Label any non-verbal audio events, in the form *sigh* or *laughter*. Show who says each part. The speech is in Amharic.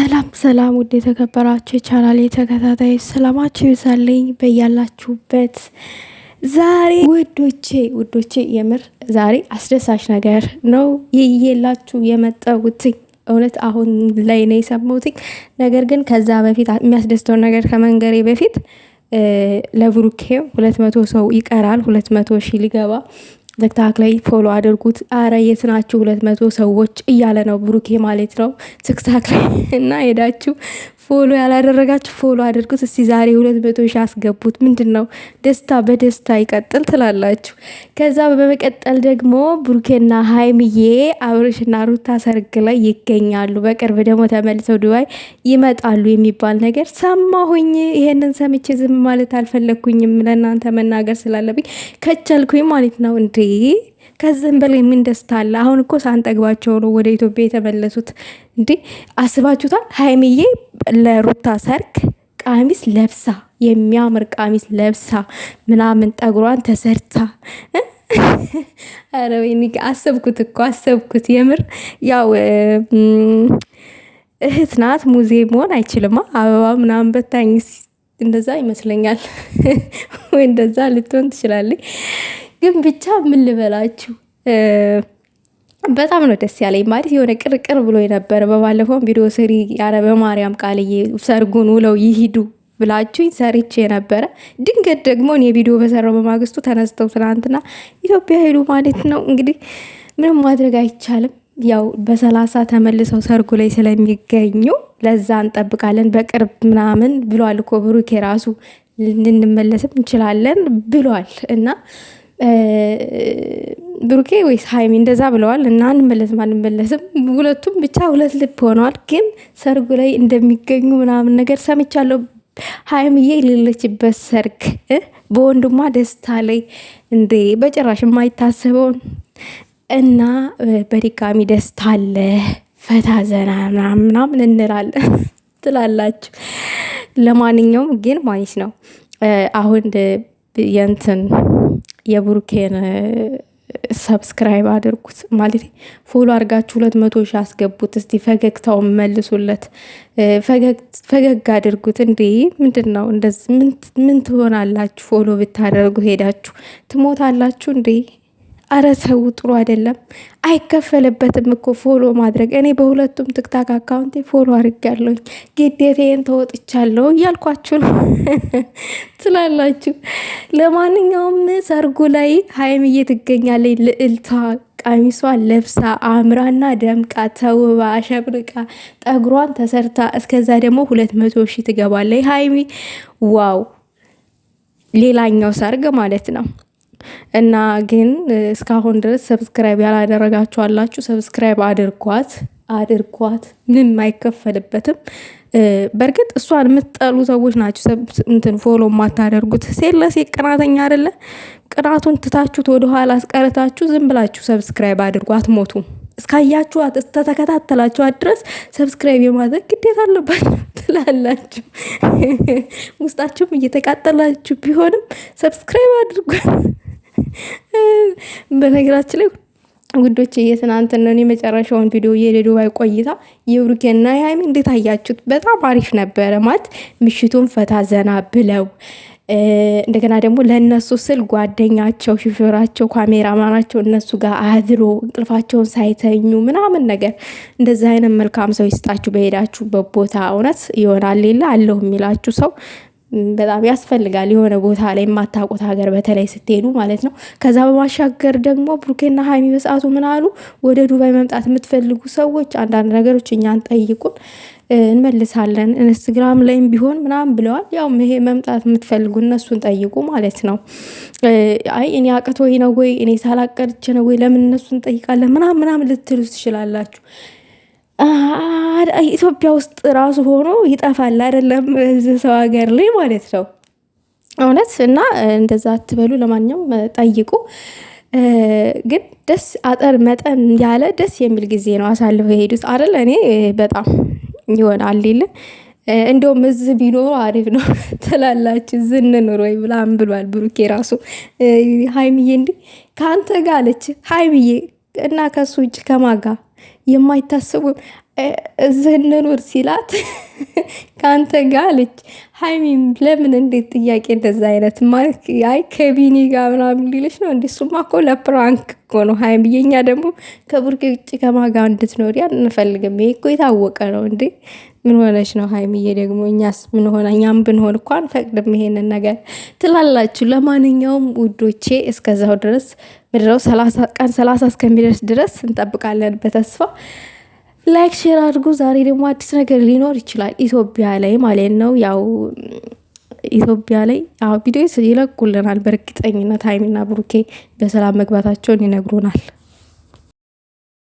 Speaker 1: ሰላም ሰላም ውድ የተከበራችሁ የቻናል የተከታታይ ሰላማችሁ ይዛለኝ በያላችሁበት። ዛሬ ውዶቼ ውዶቼ የምር ዛሬ አስደሳች ነገር ነው ይየላችሁ የመጣሁት። እውነት አሁን ላይ ነው የሰማሁት። ነገር ግን ከዛ በፊት የሚያስደስተውን ነገር ከመንገሬ በፊት ለብሩኬ ሁለት መቶ ሰው ይቀራል። ሁለት መቶ ሺህ ሊገባ ትክታክ ላይ ፎሎ አድርጉት። አረ የት ናችሁ ሁለት መቶ ሰዎች እያለ ነው ብሩኬ ማለት ነው ትክታክ ላይ እና ሄዳችሁ ፎሎ ያላደረጋችሁ ፎሎ አድርጉት። እስቲ ዛሬ ሁለት መቶ ሺ አስገቡት። ምንድን ነው ደስታ በደስታ ይቀጥል ትላላችሁ። ከዛ በመቀጠል ደግሞ ብሩኬና ሀይምዬ አብርሽና ሩታ ሰርግ ላይ ይገኛሉ። በቅርብ ደግሞ ተመልሰው ዱባይ ይመጣሉ የሚባል ነገር ሰማሁኝ። ይሄንን ሰምቼ ዝም ማለት አልፈለግኩኝም። ለእናንተ መናገር ስላለብኝ ከቻልኩኝ ማለት ነው እንዴ ከዚህም በላይ ምን ደስታ አለ? አሁን እኮ ሳንጠግባቸው ነው ወደ ኢትዮጵያ የተመለሱት። እንዲህ አስባችሁታል? ሀይሚዬ ለሩታ ሰርግ ቀሚስ ለብሳ የሚያምር ቀሚስ ለብሳ ምናምን ጠጉሯን ተሰርታ አረ ወይኔ አሰብኩት እኮ አሰብኩት። የምር ያው እህት ናት፣ ሙዚየም መሆን አይችልማ። አበባ ምናምን በታኝ እንደዛ ይመስለኛል፣ ወይ እንደዛ ልትሆን ትችላለች። ግን ብቻ ምን ልበላችሁ በጣም ነው ደስ ያለኝ። ማለት የሆነ ቅርቅር ብሎ የነበረ በባለፈውም ቪዲዮ ስሪ ያረ በማርያም ቃልዬ ሰርጉን ውለው ይሂዱ ብላችሁኝ ሰርቼ የነበረ ድንገት ደግሞ እኔ ቪዲዮ በሰራው በማግስቱ ተነስተው ትናንትና ኢትዮጵያ ሄዱ ማለት ነው። እንግዲህ ምንም ማድረግ አይቻልም። ያው በሰላሳ ተመልሰው ሰርጉ ላይ ስለሚገኙ ለዛ እንጠብቃለን። በቅርብ ምናምን ብሏል እኮ ብሩክ የራሱ ልንመለስም እንችላለን ብሏል እና ብሩኬ ወይስ ሀይሚ እንደዛ ብለዋል እና አንመለስም አንመለስም ሁለቱም ብቻ ሁለት ልብ ሆነዋል። ግን ሰርጉ ላይ እንደሚገኙ ምናምን ነገር ሰምቻለሁ። ሀይምዬ የሌለችበት ሰርግ በወንድሟ ደስታ ላይ እንዴ! በጭራሽ የማይታሰበውን እና በድጋሚ ደስታ አለ ፈታ ዘና ምናምን እንላለን ትላላችሁ። ለማንኛውም ግን ማለት ነው አሁን የንትን የብሩኬን ሰብስክራይብ አድርጉት ማለት ፎሎ አድርጋችሁ ሁለት መቶ ሺ አስገቡት። እስቲ ፈገግታውን መልሱለት፣ ፈገግ አድርጉት። እንዴ ምንድን ነው እንደዚህ? ምን ትሆናላችሁ? ፎሎ ብታደርጉ ሄዳችሁ ትሞታላችሁ እንዴ? አረ ሰው ጥሩ አይደለም። አይከፈልበትም እኮ ፎሎ ማድረግ። እኔ በሁለቱም ትክታክ አካውንቴ ፎሎ አድርጋለሁኝ። ግዴታዬን ተወጥቻለሁ እያልኳችሁ ነው *laughs* ትላላችሁ። ለማንኛውም ሰርጉ ላይ ሀይምዬ ትገኛለች። ልዕልታ ቀሚሷን ለብሳ አምራና ደምቃ ተውባ አሸብርቃ ጠጉሯን ተሰርታ እስከዛ ደግሞ ሁለት መቶ ሺህ ትገባለች ሀይሚ ዋው! ሌላኛው ሰርግ ማለት ነው። እና ግን እስካሁን ድረስ ሰብስክራይብ ያላደረጋችሁ አላችሁ፣ ሰብስክራይብ አድርጓት አድርጓት። ምንም አይከፈልበትም። በእርግጥ እሷን የምትጠሉ ሰዎች ናቸው እንትን ፎሎ የማታደርጉት። ሴት ለሴት ቅናተኛ አይደለ? ቅናቱን ትታችሁት ወደኋላ አስቀረታችሁ። ዝም ብላችሁ ሰብስክራይብ አድርጉ። አትሞቱም። እስካያችኋት እስተተከታተላችኋት ድረስ ሰብስክራይብ የማድረግ ግዴታ አለባችሁ *laughs* ትላላችሁ። *laughs* ውስጣችሁም እየተቃጠላችሁ ቢሆንም ሰብስክራይብ አድርጓል። *laughs* በነገራችን ላይ ውዶች የትናንት ነው የመጨረሻውን ቪዲዮ የዱባይ ቆይታ የብሩኬና የሀይሚ እንዴት አያችሁት? በጣም አሪፍ ነበረ። ማለት ምሽቱን ፈታ ዘና ብለው እንደገና ደግሞ ለእነሱ ስል ጓደኛቸው፣ ሹፌራቸው፣ ካሜራማናቸው እነሱ ጋር አድሮ እንቅልፋቸውን ሳይተኙ ምናምን ነገር እንደዚህ አይነት መልካም ሰው ይስጣችሁ በሄዳችሁበት ቦታ። እውነት ይሆናል ሌላ አለሁ የሚላችሁ ሰው በጣም ያስፈልጋል። የሆነ ቦታ ላይ የማታውቁት ሀገር በተለይ ስትሄዱ ማለት ነው። ከዛ በማሻገር ደግሞ ብሩኬና ሀይሚ በሰዓቱ ምን አሉ፣ ወደ ዱባይ መምጣት የምትፈልጉ ሰዎች አንዳንድ ነገሮች እኛን ጠይቁን እንመልሳለን፣ ኢንስትግራም ላይም ቢሆን ምናምን ብለዋል። ያው ይሄ መምጣት የምትፈልጉ እነሱን ጠይቁ ማለት ነው። አይ እኔ አቅቶ ነው ወይ እኔ ሳላቀርች ነው ወይ ለምን እነሱን እንጠይቃለን ምናምን ምናምን ልትሉ ትችላላችሁ። ኢትዮጵያ ውስጥ ራሱ ሆኖ ይጠፋል አይደለም፣ እዚህ ሰው ሀገር ላይ ማለት ነው። እውነት እና እንደዛ አትበሉ። ለማንኛውም ጠይቁ። ግን ደስ አጠር መጠን ያለ ደስ የሚል ጊዜ ነው አሳልፈው የሄዱት አይደል? እኔ በጣም ይሆናል ይል እንደውም እዚህ ቢኖሩ አሪፍ ነው *laughs* ትላላችሁ። ዝን ኑሮ ብላም ብሏል ብሩኬ ራሱ። ሀይምዬ እንዲህ ከአንተ ጋር አለች ሀይሚዬ እና ከሱ ውጭ ከማጋ የማይታሰቡ እዚህ እንኑር ሲላት ከአንተ ጋር አለች ሀይሚም። ለምን እንዴት ጥያቄ እንደዛ አይነት ማለት አይ ከቢኒ ጋር ምናምን ሊልሽ ነው። እንዲሱማ እኮ ለፕራንክ እኮ ነው ሀይሚ። የኛ ደግሞ ከቡርኬ ውጭ እንድትኖር እንድትኖሪ አንፈልግም። ይሄ እኮ የታወቀ ነው እንዴ። ምን ሆነች ነው ሀይሚዬ? ደግሞ እኛስ ምን ሆነ? እኛም ብንሆን እኳ አንፈቅድም ይሄንን ነገር ትላላችሁ። ለማንኛውም ውዶቼ እስከዛው ድረስ ምድረው ቀን ሰላሳ እስከሚደርስ ድረስ እንጠብቃለን በተስፋ ላይክ ሼር አድርጉ። ዛሬ ደግሞ አዲስ ነገር ሊኖር ይችላል ኢትዮጵያ ላይ ማለት ነው። ያው ኢትዮጵያ ላይ ቪዲዮ ይለቁልናል በእርግጠኝነት ሀይሚና ብሩኬ በሰላም መግባታቸውን ይነግሩናል።